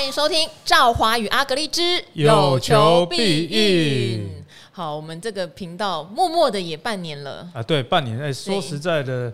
歡迎收聽趙華與阿格力之有求必應。好，我們這個頻道默默的也半年了啊，對，半年。哎，說實在的。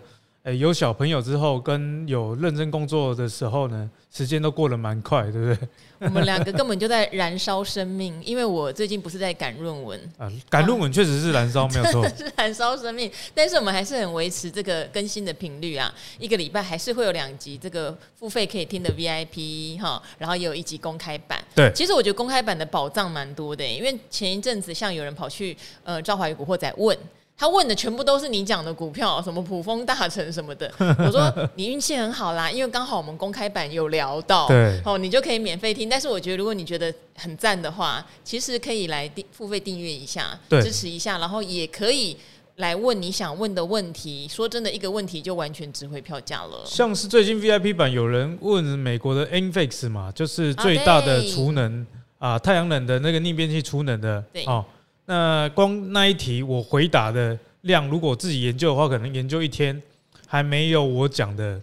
欸、有小朋友之後，跟有認真工作的時候呢，時間都過得蠻快，對不對？我們兩個根本就在燃燒生命， 因為我最近不是在趕論文啊，趕論文確實是燃燒、啊，沒有錯，是燃燒生命。但是我們還是很維持這個更新的頻率啊，一個禮拜還是會有兩集這個付費可以聽的 VIP 哈，然後也有一集公開版。對，其實我覺得公開版的寶藏蠻多的，因為前一陣子像有人跑去呃趙懷宇古惑仔問。他問的全部都是你講的股票，什麼普豐大成什麼的。我說你運氣很好啦， 因為剛好我們公開版有聊到，對哦，你就可以免費聽。但是我覺得，如果你覺得很讚的話，其實可以來訂付費訂閱一下對，支持一下，然後也可以來問你想問的問題。說真的，一個問題就完全值回票價了。像是最近 VIP 版有人問美國的 Enphase 嘛，就是最大的儲能啊,啊，太陽能的那個逆變器儲能的，對哦。那光那一題我回答的量，如果自己研究的話，可能研究一天還沒有我講的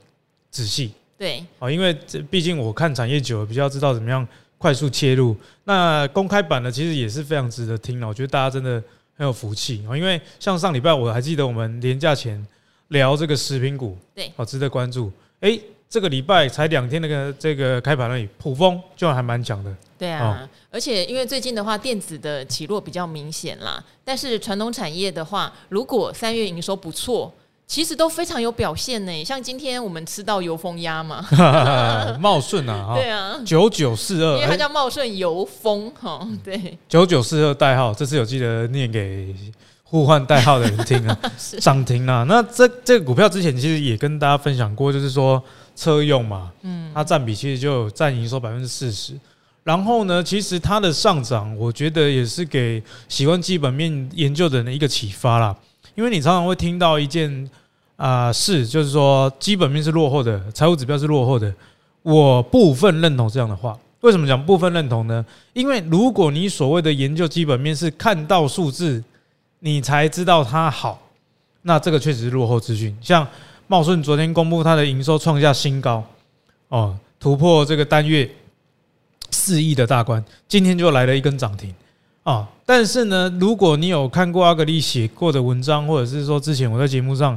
仔細。對啊，因為這畢竟我看產業久了，比較知道怎麼樣快速切入。那公開版的其實也是非常值得聽的，我覺得大家真的很有福氣啊。因為像上禮拜我還記得我們連假前聊這個食品股，對好值得關注。誒、欸。這個禮拜才兩天，那個這個開盤而已，普豐就還蠻強的。對啊，哦、而且因為最近的話，電子的起落比較明顯啦。但是傳統產業的話，如果三月營收不錯，其實都非常有表現呢。像今天我們吃到油封鴨嘛，茂 順啊、哦，對啊，九九四二，因為它叫茂順油封哈，對，九九四二代號，這次有記得念給互換代號的人聽啊，漲 停啊。那這這個股票之前其實也跟大家分享過，就是說。車用嘛，嗯，它佔比其實就佔營收百分之四十。然後呢，其實它的上漲，我覺得也是給喜歡基本面研究的人的一個啟發啦。因為你常常會聽到一件啊事，就是說基本面是落後的，財務指標是落後的。我部分認同這樣的話。為什麼講部分認同呢？因為如果你所謂的研究基本面是看到數字，你才知道它好，那這個確實是落後資訊。像茂順昨天公布它的營收創下新高，哦，突破這個單月四億的大關。今天就來了一根漲停啊、哦！但是呢，如果你有看過阿格力寫過的文章，或者是說之前我在節目上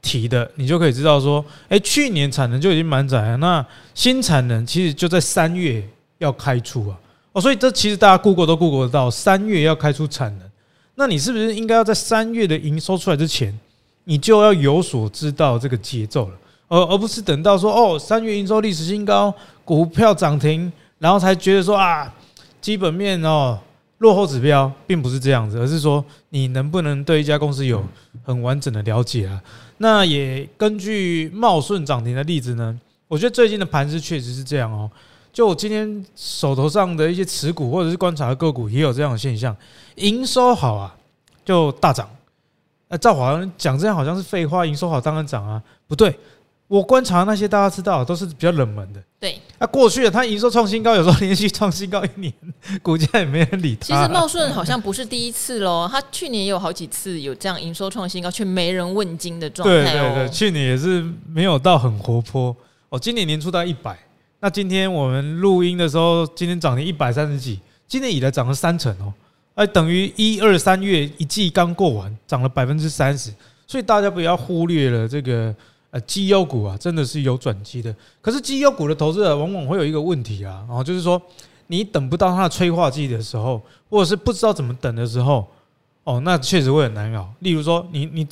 提的，你就可以知道說，哎，去年產能就已經滿載了。那新產能其實就在三月要開出啊！哦，所以這其實大家估過都估過得到，三月要開出產能。那你是不是應該要在三月的營收出來之前？你就要有所知道這個節奏了，而而不是等到說哦三月營收歷史新高，股票漲停，然後才覺得說啊基本面哦落後指標，並不是這樣子，而是說你能不能對一家公司有很完整的了解啊？那也根據茂順漲停的例子呢，我覺得最近的盤子確實是這樣哦。就我今天手頭上的一些持股或者是觀察的個股，也有這樣的現象：營收好啊，就大漲。那趙華講這樣好像是廢話，營收好當然漲啊，不對，我觀察那些大家知道都是比較冷門的，對。那、啊、過去的他營收創新高，有時候連續創新高一年，股價也沒人理他。其實茂順好像不是第一次嘍， 他去年也有好幾次有這樣營收創新高，卻沒人問津的狀態、喔。對對對，去年也是沒有到很活潑哦，今年年初到一百，那今天我們錄音的時候，今天漲了一百三十幾，今年以來漲了三成哦。哎，等於一二三月一季剛過完，漲了百分之三十，所以大家不要忽略了這個呃績優股啊，真的是有轉機的。可是績優股的投資者往往會有一個問題啊，然後就是說你等不到它的催化劑的時候，或者是不知道怎麼等的時候，哦，那確實會很難熬。例如說你，你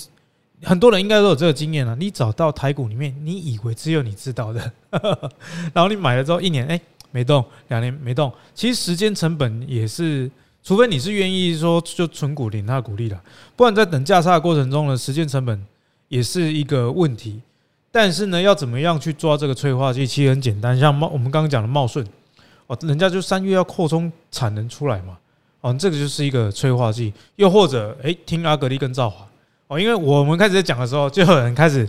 你很多人應該都有這個經驗了，你找到台股裡面你以為只有你知道的， 然後你買了之後一年哎、欸、沒動，兩年沒動，其實時間成本也是。除非你是願意說就存股領他股利啦，不然在等價差的過程中呢，時間成本也是一個問題。但是呢，要怎麼樣去抓這個催化劑其實很簡單，像茂我們剛剛講的茂順哦，人家就三月要擴充產能出來嘛，哦，這個就是一個催化劑。又或者誒、欸，聽阿格力跟兆華哦，因為我們開始在講的時候，就有人開始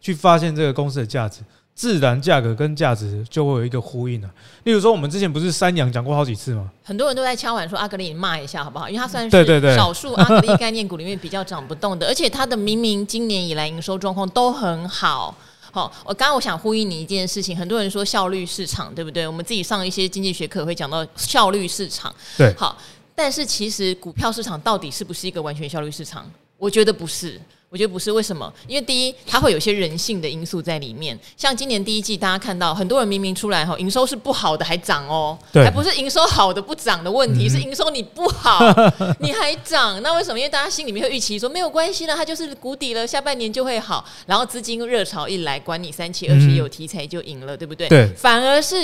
去發現這個公司的價值。自然價格跟價值就會有一個呼應了、啊。例如說，我們之前不是三陽講過好幾次嗎？很多人都在敲碗說，阿格力你罵一下好不好？因為它算是少數阿格力概念股裡面比較漲不動的，而且它的明明今年以來營收狀況都很好。好，我剛剛我想呼應你一件事情，很多人說效率市場對不對？我們自己上一些經濟學課會講到效率市場。對，好，但是其實股票市場到底是不是一個完全效率市場？我覺得不是。我覺得不是，為什麼？因為第一，它會有些人性的因素在裡面。像今年第一季，大家看到很多人明明出來後營收是不好的，還漲哦、喔，還不是營收好的不漲的問題，嗯、是營收你不好 你還漲，那為什麼？因為大家心裡面會預期說，說沒有關係了，它就是谷底了，下半年就會好。然後資金熱潮一來，管你三七二十一，有題材就贏了、嗯，對不對？對。反而是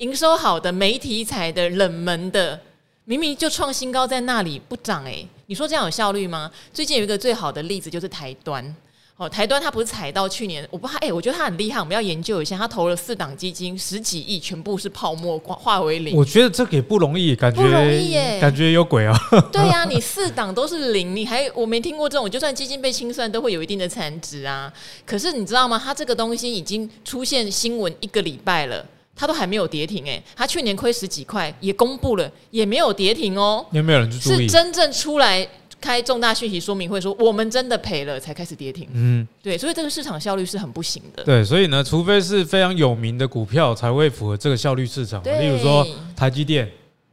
營收好的沒題材的冷門的，明明就創新高在那裡不漲哎、欸。你說這樣有效率嗎？最近有一個最好的例子就是台端，哦，台端他不是踩到去年，我不怕。哎、欸，我覺得他很厲害，我們要研究一下。他投了四檔基金，十幾億全部是泡沫化為零。我覺得這個也不容易，感覺不容易耶、欸，感覺有鬼啊。對啊，你四檔都是零，你還我沒聽過這種，就算基金被清算，都會有一定的殘值啊。可是你知道嗎？他這個東西已經出現新聞一個禮拜了。他都還沒有跌停哎、欸，他去年虧十幾塊，也公布了，也沒有跌停哦、喔。也沒有人去注意，是真正出來開重大訊息說明會說，我們真的賠了才開始跌停？嗯，對，所以這個市場效率是很不行的。對，所以呢，除非是非常有名的股票才會符合這個效率市場，例如說台積電。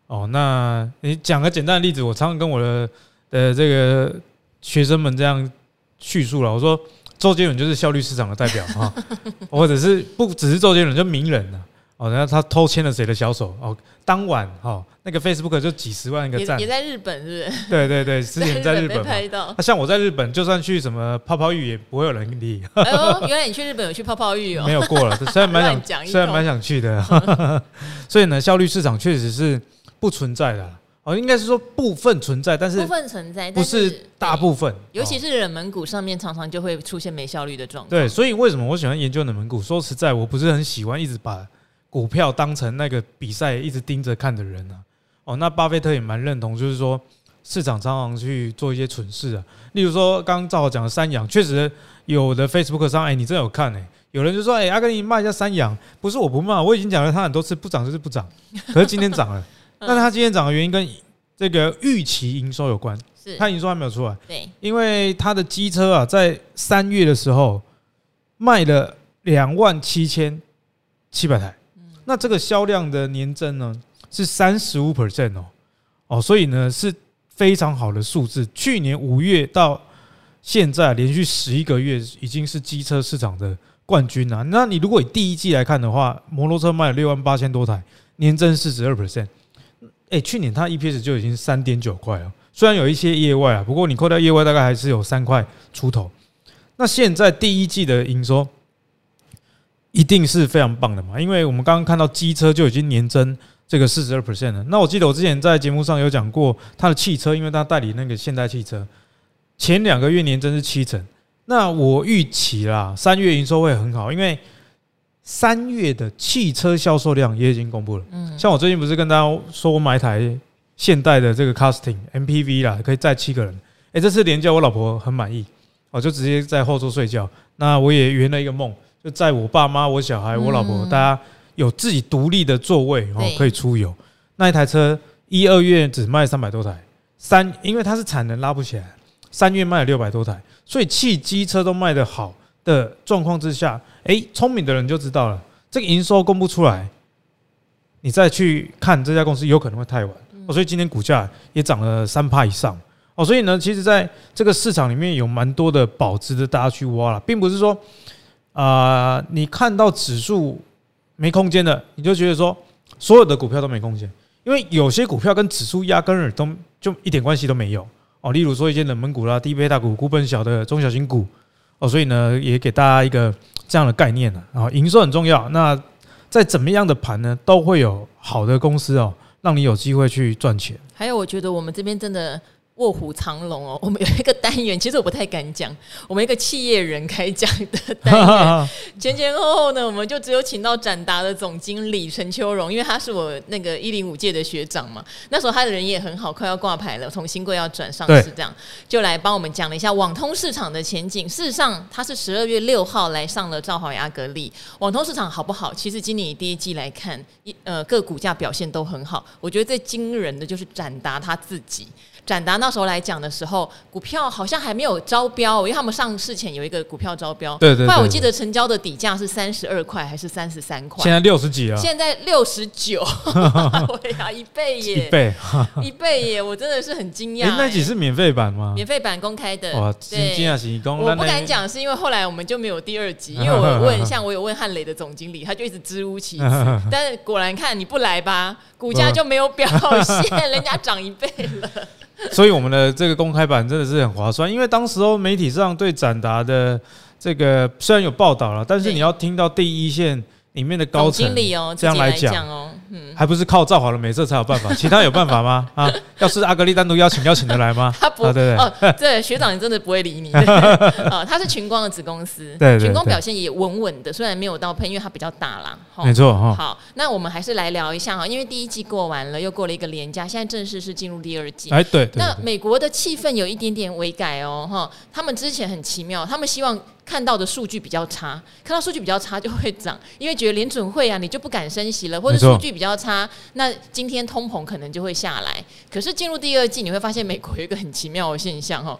哦，那你講個簡單的例子，我常常跟我的呃這個學生們這樣敘述了，我說周杰倫就是效率市場的代表啊， 或者是不只是周杰倫，就是、名人、啊哦，然後他偷牽了誰的小手？哦，當晚、哦，那個 Facebook 就幾十萬一個讚，也在日本，是不是？對對對，之前在日本，在日本拍那、啊、像我在日本，就算去什麼泡泡浴，也不會有人理。哎、哈哈哈哈，原來你去日本有去泡泡浴哦？沒有過了，雖然蠻想，雖然蠻想去的、嗯哈哈哈哈。所以呢，效率市場確實是不存在的。哦，應該是說部分存在，但是部分存在，不是大部分。哦、尤其是冷門股上面，常常就會出現沒效率的狀況。對，所以為什麼我喜歡研究冷門股？說實在，我不是很喜歡一直把，股票當成那個比賽，一直盯着看的人啊，哦，那巴菲特也蠻認同，就是說市場常常去做一些蠢事啊。例如說剛剛我，剛剛趙講的三陽，確實有的 Facebook 上，哎、欸，你真有看哎、欸？有人就說，哎、欸，阿根廷賣一下三陽，不是我不賣，我已經講了他很多次不漲就是不漲，可是今天漲了。但是他今天漲的原因跟這個預期營收有關，是，他營收還沒有出來，對，因為他的機車啊，在三月的時候賣了兩萬七千七百台。那這個銷量的年增呢，是三十五 percent 哦，哦，哦，所以呢是非常好的數字。去年五月到現在連續十一個月已經是機車市場的冠軍啊！那你如果以第一季來看的話，摩托車賣了六萬八千多台，年增四十二 percent。欸，去年它 EPS 就已經三點九塊了，雖然有一些業外啊，不過你扣掉業外大概還是有三塊出頭。那現在第一季的營收，一定是非常棒的嘛，因為我們剛剛看到機車就已經年增這個四十二 percent 了。那我記得我之前在節目上有講過，他的汽車，因為他代理那個現代汽車，前兩個月年增是七成。那我預期啦，三月營收會很好，因為三月的汽車銷售量也已經公布了。嗯，像我最近不是跟大家說我買一台現代的這個 casting MPV 啦，可以載七個人。哎，這次連假我老婆很滿意，我就直接在後座睡覺。那我也圓了一個夢。就在我爸媽、我小孩、我老婆，嗯嗯大家有自己獨立的座位，嗯嗯哦。可以出遊。那一台車，一、二月只賣三百多台，三，因為它是產能拉不起來。三月賣了六百多台，所以汽機車都賣得好的狀況之下，誒、欸，聰明的人就知道了，這個營收公布出來，你再去看這家公司，有可能會太晚嗯嗯哦。所以今天股價也漲了三趴以上哦。所以呢，其實在這個市場裡面有蠻多的保值的，大家去挖了，並不是說。啊、呃，你看到指數沒空間的，你就覺得說所有的股票都沒空間，因為有些股票跟指數壓根兒都就一點關係都沒有哦。例如說一些冷門股啦、啊、低倍大股、股本小的中小型股哦，所以呢，也給大家一個這樣的概念呢啊，哦、營收很重要。那在怎麼樣的盤呢，都會有好的公司哦，讓你有機會去賺錢。還有，我覺得我們這邊真的。臥虎藏龍哦，我們有一個單元，其實我不太敢講，我們一個企業人開講的單元， 前前後後呢，我們就只有請到展達的總經理陳秋榮，因為他是我那個一零五屆的學長嘛，那時候他的人也很好，快要掛牌了，從興櫃要轉上市這樣，就來幫我們講了一下網通市場的前景。事實上，他是十二月六號來上了趙好亞格力，網通市場好不好？其實今年第一季來看，一呃，各股價表現都很好。我覺得最驚人的就是展達他自己。展達那時候來講的時候，股票好像還沒有招標，因為他們上市前有一個股票招標。對對，對。後來我記得成交的底價是三十二塊還是三十三塊？現在六十幾啊？現在六十九，我呀一倍耶！一倍， 一倍耶！我真的是很驚訝、欸。那集是免費版嗎？免費版公開的。哇，驚訝！我不敢講，是因為後來我們就沒有第二集，因為我問， 像我有問漢磊的總經理，他就一直支吾其詞。 但是果然看你不來吧，股價就沒有表現， 人家漲一倍了。 所以我們的這個公開版真的是很划算，因為當時候媒體上對展達的這個雖然有報道了，但是你要聽到第一線裡面的高層、哦、這樣來講嗯，還不是靠造好了美色才有辦法，其他有辦法嗎？ 啊，要是阿格麗單獨邀請，邀請得來嗎？他不，啊、對，不對哦，對，學長你真的不會理你，呃、 哦，他是群光的子公司，對，對，對，對群光表現也穩穩的，雖然沒有到噴，因為它比較大啦，哦、沒錯哈、哦。好，那我們還是來聊一下哈，因為第一季過完了，又過了一個連假，現在正式是進入第二季。哎對，那對對對美國的氣氛有一點點微改哦哈、哦，他們之前很奇妙，他們希望。看到的數據比較差，看到數據比較差就會漲，因為覺得聯準會啊，你就不敢升息了，或者數據比較差，那今天通膨可能就會下來。可是進入第二季，你會發現美國有一個很奇妙的現象哦、喔，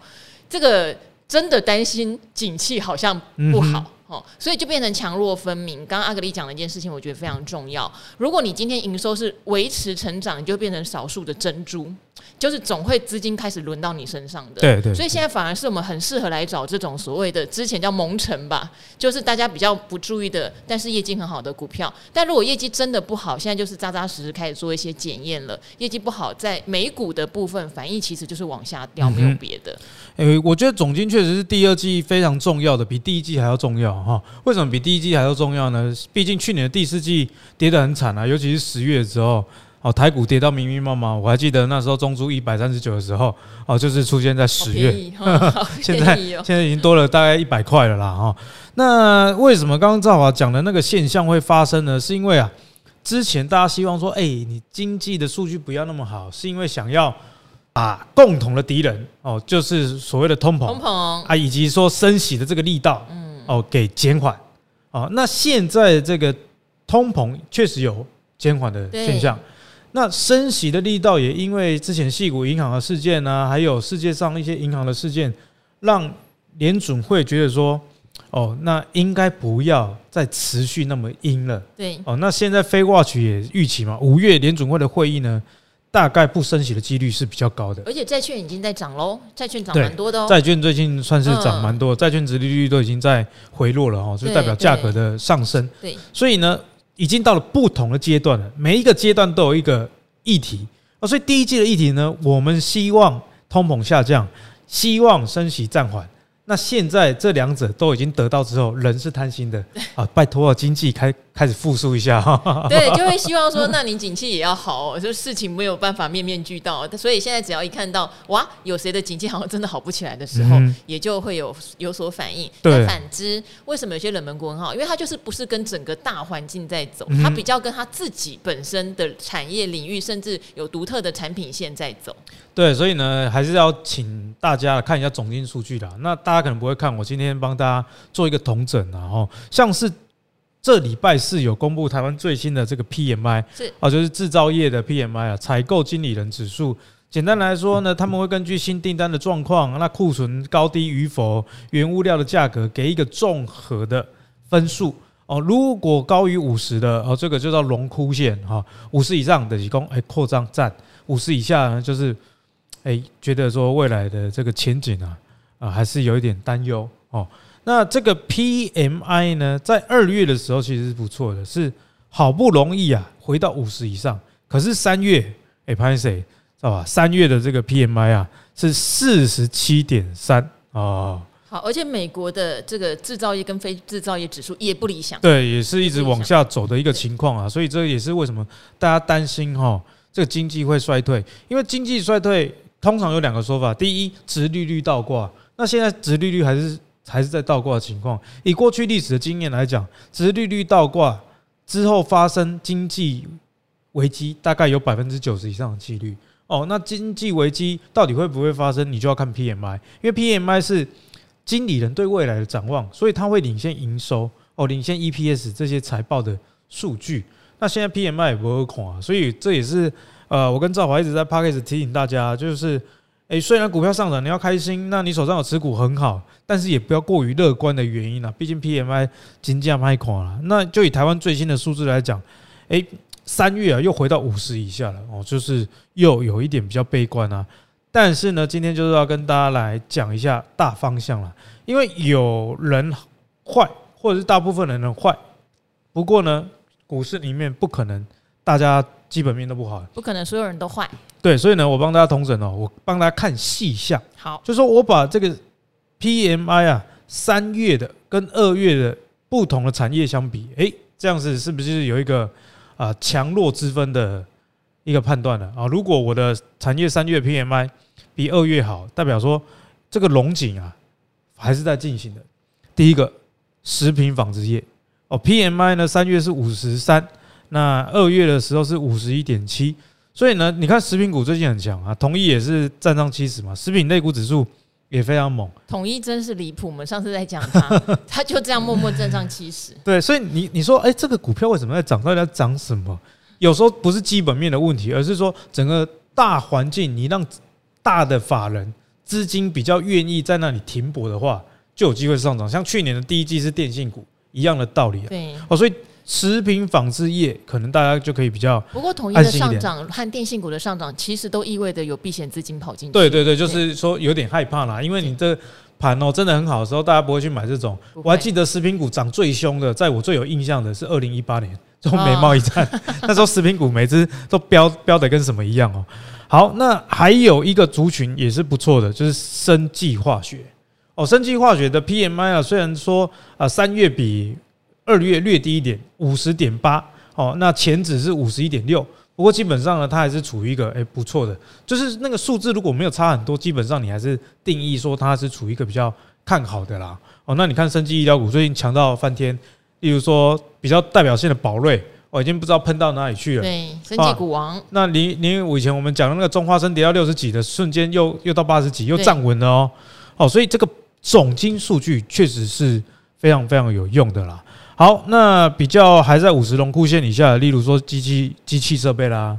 這個真的擔心景氣好像不好哦、嗯喔，所以就變成強弱分明。剛剛阿格力講了一件事情，我覺得非常重要。如果你今天營收是維持成長，你就變成少數的珍珠。就是總會資金開始輪到你身上的，對對，所以現在反而是我們很適合來找這種所謂的之前叫蒙塵吧，就是大家比較不注意的，但是業績很好的股票。但如果業績真的不好，現在就是扎扎實實開始做一些檢驗了。業績不好，在美股的部分反應其實就是往下掉，沒有別的、嗯。哎、欸，我覺得總經確實是第二季非常重要的，比第一季還要重要哈。為什麼比第一季還要重要呢？畢竟去年的第四季跌得很慘啊，尤其是十月之後。哦，台股跌到迷迷茫茫，我還記得那時候中租一百三十九的時候，哦，就是出現在十月、哦呵呵。現在、哦、現在已經多了大概一百塊了啦，哈、哦。那為什麼剛剛趙華講的那個現象會發生呢？是因為啊，之前大家希望說，欸、你經濟的數據不要那麼好，是因為想要把共同的敵人哦，就是所謂的通膨，通膨、哦，啊，以及說升息的這個力道，嗯、哦，給減緩。哦，那現在這個通膨確實有減緩的現象。那升息的力道也因為之前矽谷銀行的事件呢、啊，還有世界上一些銀行的事件，讓聯準會覺得說，哦，那應該不要再持續那麼陰了。對，哦，那現在 FedWatch 也預期嘛，五月聯準會的會議呢，大概不升息的幾率是比較高的。而且債券已經在漲嘍，債券漲蠻多的哦。債券最近算是漲蠻多，債、嗯、券殖利率都已經在回落了哈，就、哦、代表價格的上升。對,對,對,對，所以呢。已經到了不同的階段了，每一個階段都有一個議題啊，所以第一季的議題呢，我們希望通膨下降，希望升息暫緩。那現在這兩者都已經得到之後，人是貪心的啊，拜托經濟開。開始復甦一下，對，就會希望說，那你景氣也要好，就事情沒有辦法面面俱到，所以現在只要一看到哇，有誰的景氣好像真的好不起來的時候，嗯、也就會有有所反應。對，反之，為什麼有些冷門股很好？因為它就是不是跟整個大環境在走，它、嗯、比較跟它自己本身的產業領域，甚至有獨特的產品線在走。對，所以呢，還是要請大家看一下總經數據的。那大家可能不會看，我今天幫大家做一個統整啦，然後像是。這禮拜四有公布台灣最新的這個 PMI，哦，就是製造業的 PMI 啊，採購經理人指數。簡單來說呢，他們會根據新訂單的狀況、那庫存高低與否、原物料的價格，給一個綜合的分數。哦，如果高於五十的，哦，這個就叫榮枯線哈，五十以上的提供哎擴張戰，五十以下呢就是哎覺得說未來的這個前景啊啊還是有一點擔憂哦。那這個 P M I 呢，在二月的時候其實是不錯的，是好不容易啊回到五十以上。可是三月，哎潘先生知道吧？三月的這個 P M I 啊是四十七點三哦。好，而且美國的這個製造業跟非製造業指數也不理想，對，也是一直往下走的一個情況啊。所以這也是為什麼大家擔心哈，這個經濟會衰退。因為經濟衰退通常有兩個說法，第一，殖利率倒掛。那現在殖利率還是。還是在倒掛的情況，以過去歷史的經驗來講，只是利率倒掛之後發生經濟危機，大概有百分之九十以上的幾率。哦，那經濟危機到底會不會發生，你就要看 P M I，因為 P M I 是經理人對未來的展望，所以它會領先營收哦，領先 E P S 這些財報的數據。那現在 P M I 也不會垮，所以這也是呃，我跟趙華一直在 Podcast 提醒大家，就是。誒、欸，雖然股票上漲，你要開心，那你手上有持股很好，但是也不要過於樂觀的原因啊。畢竟 PMI 金價賣垮了，那就以台灣最新的數字來講，誒、欸，三月啊又回到五十以下了哦，就是又有一點比較悲觀啊。但是呢，今天就是要跟大家來講一下大方向了，因為有人壞，或者是大部分人壞，不過呢，股市裡面不可能大家。基本面都不好，不可能所有人都壞。對，所以呢，我幫大家統整哦，我幫大家看細項。好，就說我把這個 P M I 啊，三月的跟二月的不同的產業相比，誒、欸，這樣子是不是有一個啊強弱之分的一個判斷呢？啊，如果我的產業三月 P M I 比二月好，代表說這個榮景啊還是在進行的。第一個食品紡織業哦、oh,，P M I 呢三月是五十三。那二月的時候是五十一點七，所以呢，你看食品股最近很強啊，統一也是站上七十嘛，食品類股指數也非常猛。統一真是離譜嘛，上次在講他， 他就這樣默默站上七十。對，所以你你說，哎，這個股票為什麼在漲？到底要漲什麼？有時候不是基本面的問題，而是說整個大環境，你讓大的法人資金比較願意在那裡停泊的話，就有機會上漲。像去年的第一季是電信股一樣的道理啊。對，哦，所以。食品、紡織業可能大家就可以比較，不過統一的上漲和電信股的上漲，其實都意味着有避險資金跑進去。對對對,對，就是說有點害怕啦，因為你這盤哦、喔、真的很好的時候，大家不會去買這種。我還記得食品股漲最凶的，在我最有印象的是二零一八年中美貿易戰那時候，食品股每只都飆飆的跟什麼一樣哦、喔。好，那還有一個族群也是不錯的，就是生技化學哦。生技化學的 PMI 啊，雖然說啊三、呃、月比。二月略低一點，五十點八哦。那前值是五十一點六，不過基本上呢，它還是處於一個誒、欸、不錯的，就是那個數字如果沒有差很多，基本上你還是定義說它是處於一個比較看好的啦哦。那你看生技醫療股最近強到翻天，例如說比較代表性的寶瑞哦，已經不知道噴到哪裡去了。對，生技股王。啊、那零零五以前我們講的那個中化生跌到六十幾的瞬間，又又到八十幾，又站穩了哦。哦，所以這個總經數據確實是非常非常有用的啦。好，那比較還在五十榮枯線以下，例如說機器、機器設備啦、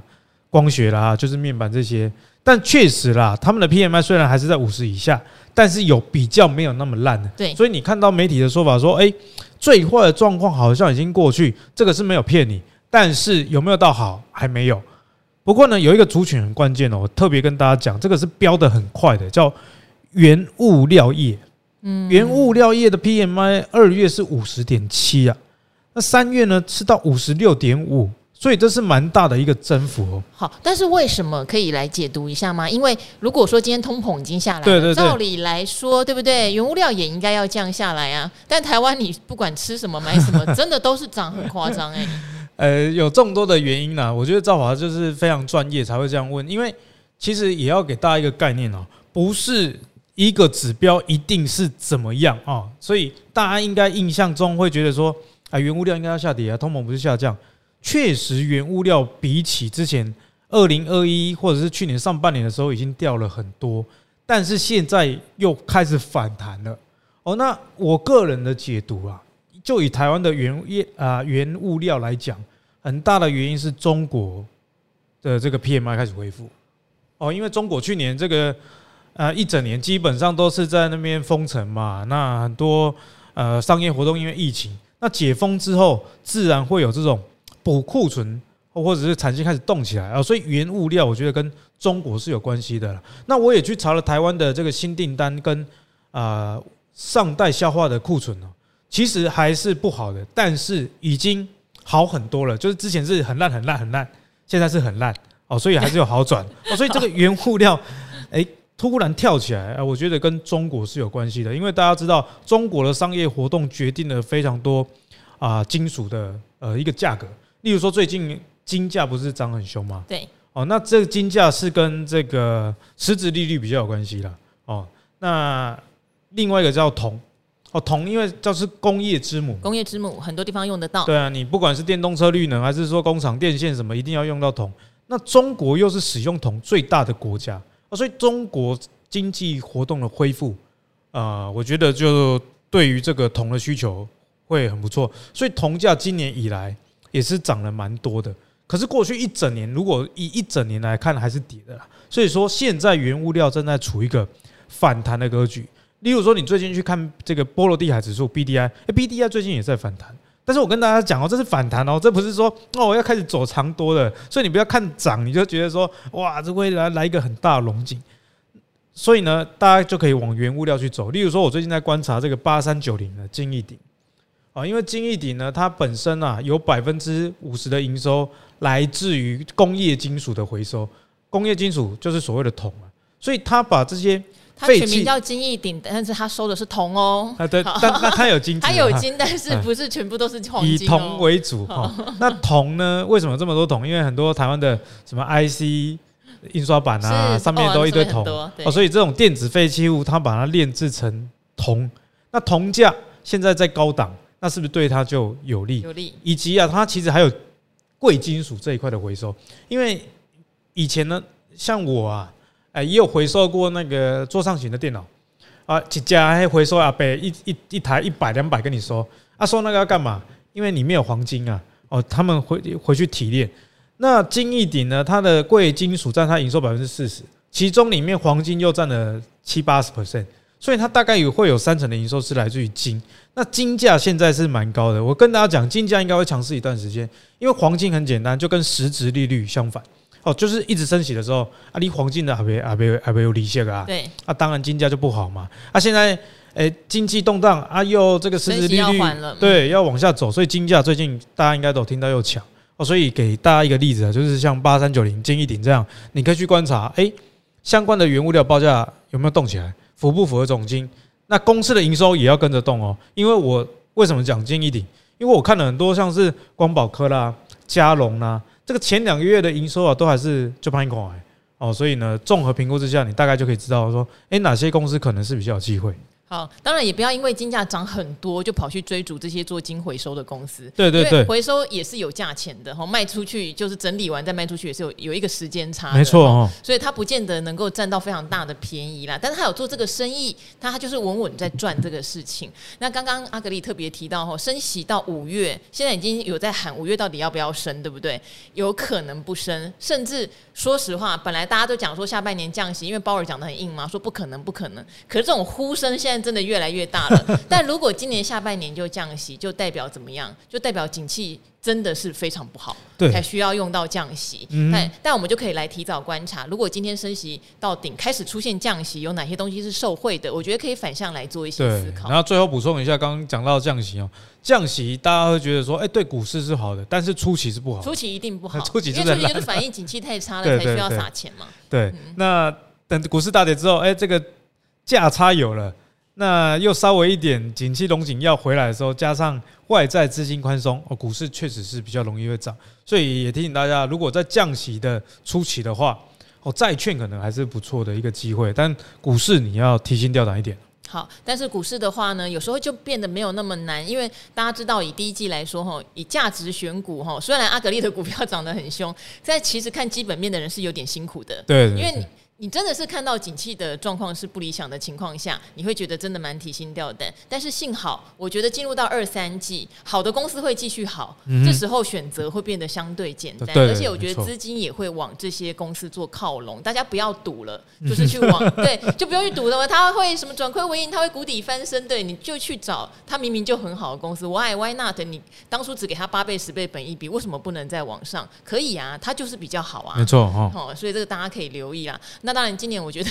光學啦，就是面板這些。但確實啦，他們的 PMI 雖然還是在五十以下，但是有比較沒有那麼爛的、啊。所以你看到媒體的說法說，哎、欸，最壞的狀況好像已經過去，這個是沒有騙你。但是有沒有到好還沒有？不過呢，有一個族群很關鍵哦、喔，我特別跟大家講，這個是飆得很快的，叫原物料業。嗯，原物料業的 PMI 二月是五十點七啊，那三月呢吃到五十六點五，所以這是蠻大的一個增幅哦。好，但是為什麼可以來解讀一下嗎？因為如果說今天通膨已經下來了，對對對，照理來說，對不對？原物料也應該要降下來啊。但台灣你不管吃什麼買什麼，真的都是漲很誇張哎、欸。 呃，有眾多的原因呢，我覺得兆華就是非常專業才會這樣問，因為其實也要給大家一個概念啊、哦，不是。一個指標一定是怎麼樣啊？所以大家應該印象中會覺得說，啊，原物料應該要下跌啊，通膨不是下降？確實，原物料比起之前二零二一或者是去年上半年的時候已經掉了很多，但是現在又開始反彈了。哦，那我個人的解讀啊，就以台灣的原業啊原物料來講，很大的原因是中國的這個 PMI 開始恢復。哦，因為中國去年這個。呃，一整年基本上都是在那邊封城嘛，那很多呃商業活動因為疫情。那解封之後，自然會有這種補庫存或者是產線開始動起來啊，所以原物料我覺得跟中國是有關係的了。那我也去查了台灣的這個新訂單跟呃上代消化的庫存呢，其實還是不好的，但是已經好很多了，就是之前是很爛很爛很爛，現在是很爛哦，所以還是有好轉哦，所以這個原物料，哎。突然跳起來，我覺得跟中國是有關係的，因為大家知道中國的商業活動決定了非常多啊，呃、金屬的呃一個價格。例如說，最近金價不是漲很兇嗎？對，哦，那這個金價是跟這個實質利率比較有關係的。哦，那另外一個叫銅，哦，銅因為叫是工業之母，工業之母很多地方用得到。對啊，你不管是電動車、綠能，還是說工廠電線什麼，一定要用到銅。那中國又是使用銅最大的國家。所以中國經濟活動的恢復，啊、呃，我覺得就對於這個銅的需求會很不錯。所以銅價今年以來也是漲了蠻多的。可是過去一整年，如果以一整年來看，還是跌的啦。所以說現在原物料正在處於一個反彈的格局。例如說，你最近去看這個波羅的海指數 BDI，BDI 最近也在反彈。但是我跟大家講哦，這是反彈哦，這不是說哦我要開始走長多的，所以你不要看漲，你就覺得說哇，這會來來一個很大的龍井，所以呢，大家就可以往原物料去走。例如說，我最近在觀察這個八三九零的金益鼎啊，因為金益鼎呢，它本身啊有百分之五十的營收來自於工業金屬的回收，工業金屬就是所謂的銅啊，所以它把這些。它全名叫金義鼎，但是它收的是銅哦。它但那它有金，它有金，但是不是全部都是黃金，喔 金？是是黃金喔，以銅為主哈。那銅呢？為什麼這麼多銅？因為很多台灣的什麼 IC 印刷板啊，上面都一堆銅哦。所以這種電子廢棄物，它把它煉制成銅。那銅價現在在高檔，那是不是對它就有利？有利。以及啊，它其實還有貴金屬這一塊的回收，因為以前呢，像我啊。哎，也有回收過那個桌上型的電腦啊，幾家還回收啊，百一一一台一百兩百跟你說，啊，說那個要幹嘛？因為裡面有黃金啊，哦，他們回回去提煉，那金益鼎呢，它的貴金屬占它營收百分之四十，其中裡面黃金又占了七八十 percent，所以它大概有會有三成的營收是來自於金。那金價現在是蠻高的，我跟大家講，金價應該會強勢一段時間，因為黃金很簡單，就跟實質利率相反。哦，就是一直升息的時候，啊，你黃金的還沒還沒還沒有利息的。對，啊，當然金價就不好嘛。啊，現在誒、欸、經濟動盪，啊又這個失實利率要對要往下走，所以金價最近大家應該都聽到又搶哦。所以給大家一個例子啊，就是像八三九零金益鼎這樣，你可以去觀察誒、欸、相關的原物料報價有沒有動起來，符不符合總經？那公司的營收也要跟着動哦，因為我為什麼講金益鼎？因為我看了很多像是光寶科啦、佳龍啦。這個前兩個月的營收啊，都還是就搬一過來哦，所以呢，綜合評估之下，你大概就可以知道說，哎、欸，哪些公司可能是比較有機會。啊、哦，當然也不要因為金價漲很多就跑去追逐這些做金回收的公司。對對對，回收也是有價錢的哈、哦，賣出去就是整理完再賣出去也是有有一個時間差。沒錯、哦，所以他不見得能夠占到非常大的便宜啦。但是他有做這個生意，他他就是穩穩在賺這個事情。 那剛剛阿格麗特別提到哈，升息到五月，現在已經有在喊五月到底要不要升，對不對？有可能不升，甚至說實話，本來大家都講說下半年降息，因為鮑爾講得很硬嘛，說不可能不可能。可是這種呼聲現在。真的越來越大了， 但如果今年下半年就降息，就代表怎麼樣？就代表景氣真的是非常不好，對，才需要用到降息。那、嗯、但，但我們就可以來提早觀察，如果今天升息到頂，開始出現降息，有哪些東西是受惠的？我覺得可以反向來做一些思考。然後最後補充一下，剛剛講到降息哦、喔，降息大家會覺得說，哎、欸，對股市是好的，但是初期是不好，初期一定不好，初期就是反應景氣太差了，對對對對，才需要撒錢嘛？對，嗯、那等股市大跌之後，哎、欸，這個價差有了。那又稍微一點景氣榮景要回來的時候，加上外在資金寬鬆，哦，股市確實是比較容易會漲，所以也提醒大家，如果在降息的初期的話，哦，債券可能還是不錯的一個機會，但股市你要提心吊膽一點。好，但是股市的話呢，有時候就變得沒有那麼難，因為大家知道，以第一季來說，哈，以價值選股，哈，雖然阿格力的股票漲得很兇，但其實看基本面的人是有點辛苦的，對，對，因為你。對你真的是看到景氣的狀況是不理想的情況下，你會覺得真的蠻提心吊膽。但是幸好，我覺得進入到二三季，好的公司會繼續好，嗯。這時候選擇會變得相對簡單，對，而且我覺得資金也會往這些公司做靠攏。大家不要賭了，就是去往 對，就不用去賭了嘛。他會什麼轉虧為盈，他會谷底翻身，對，你就去找他明明就很好的公司。Why Why not？你當初只給他八倍、十倍本益比，為什麼不能再往上？可以啊，他就是比較好啊，沒錯哈、哦哦。所以這個大家可以留意啊。那當然，今年我覺得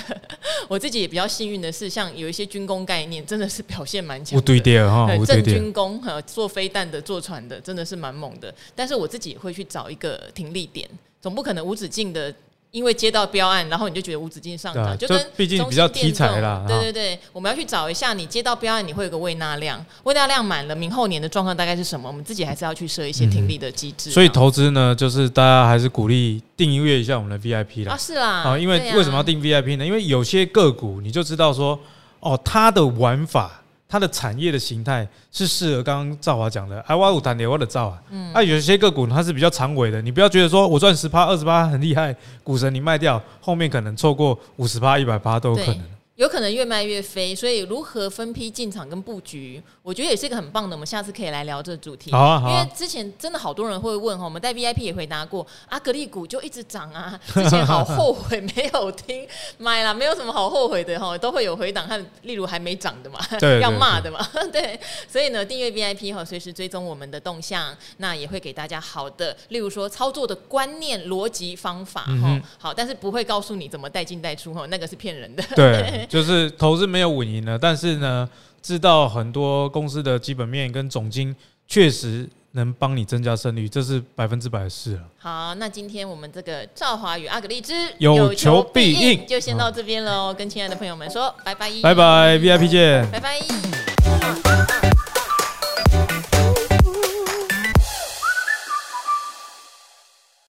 我自己也比較幸運的是，像有一些軍工概念，真的是表現蠻強，不對掉哈，正軍工做飛彈的、做船的，真的是蠻猛的。但是我自己也會去找一個停利點，總不可能無止境的。因為接到標案，然後你就覺得無止境上漲，就跟畢竟比較題材啦，對對對，我們要去找一下，你接到標案，你會有個未納量，未納量滿了，明後年的狀況大概是什麼？我們自己還是要去設一些聽力的機制、嗯。所以投資呢，就是大家還是鼓勵訂閱一下我們的 VIP 啦。啊，是啦。啊，因為為什麼要訂 VIP 呢？因為有些個股，你就知道說，哦，它的玩法。它的產業的形態是適合剛剛趙華講的、愛挖股談牛蛙的趙啊。那有些個股它是比較長尾的，你不要覺得說我賺十八二十八很厲害，股神，你賣掉，後面可能錯過五十八一百八都有可能。有可能越賣越飛，所以如何分批進場跟布局，我覺得也是一個很棒的。我們下次可以來聊這個主題。啊啊、因為之前真的好多人會問哈，我們帶 VIP 也回答過阿、啊、格力股就一直漲啊，之前好後悔 沒有聽買了，沒有什麼好後悔的哈，都會有回檔，還例如還沒漲的嘛，對對對要罵的嘛，對。所以呢，訂閱 VIP 哈，隨時追蹤我們的動向，那也會給大家好的，例如說操作的觀念、邏輯、方法哈、嗯，好，但是不會告訴你怎麼帶進帶出哈，那個是騙人的。對。就是投資沒有穩贏的，但是呢，知道很多公司的基本面跟總經，確實能幫你增加勝率，這是百分之百的事了。好，那今天我們這個趙華與阿格麗之有，有求必應，就先到這邊嘍、嗯，跟親愛的朋友們說拜拜，拜拜，VIP 見，拜拜。拜拜。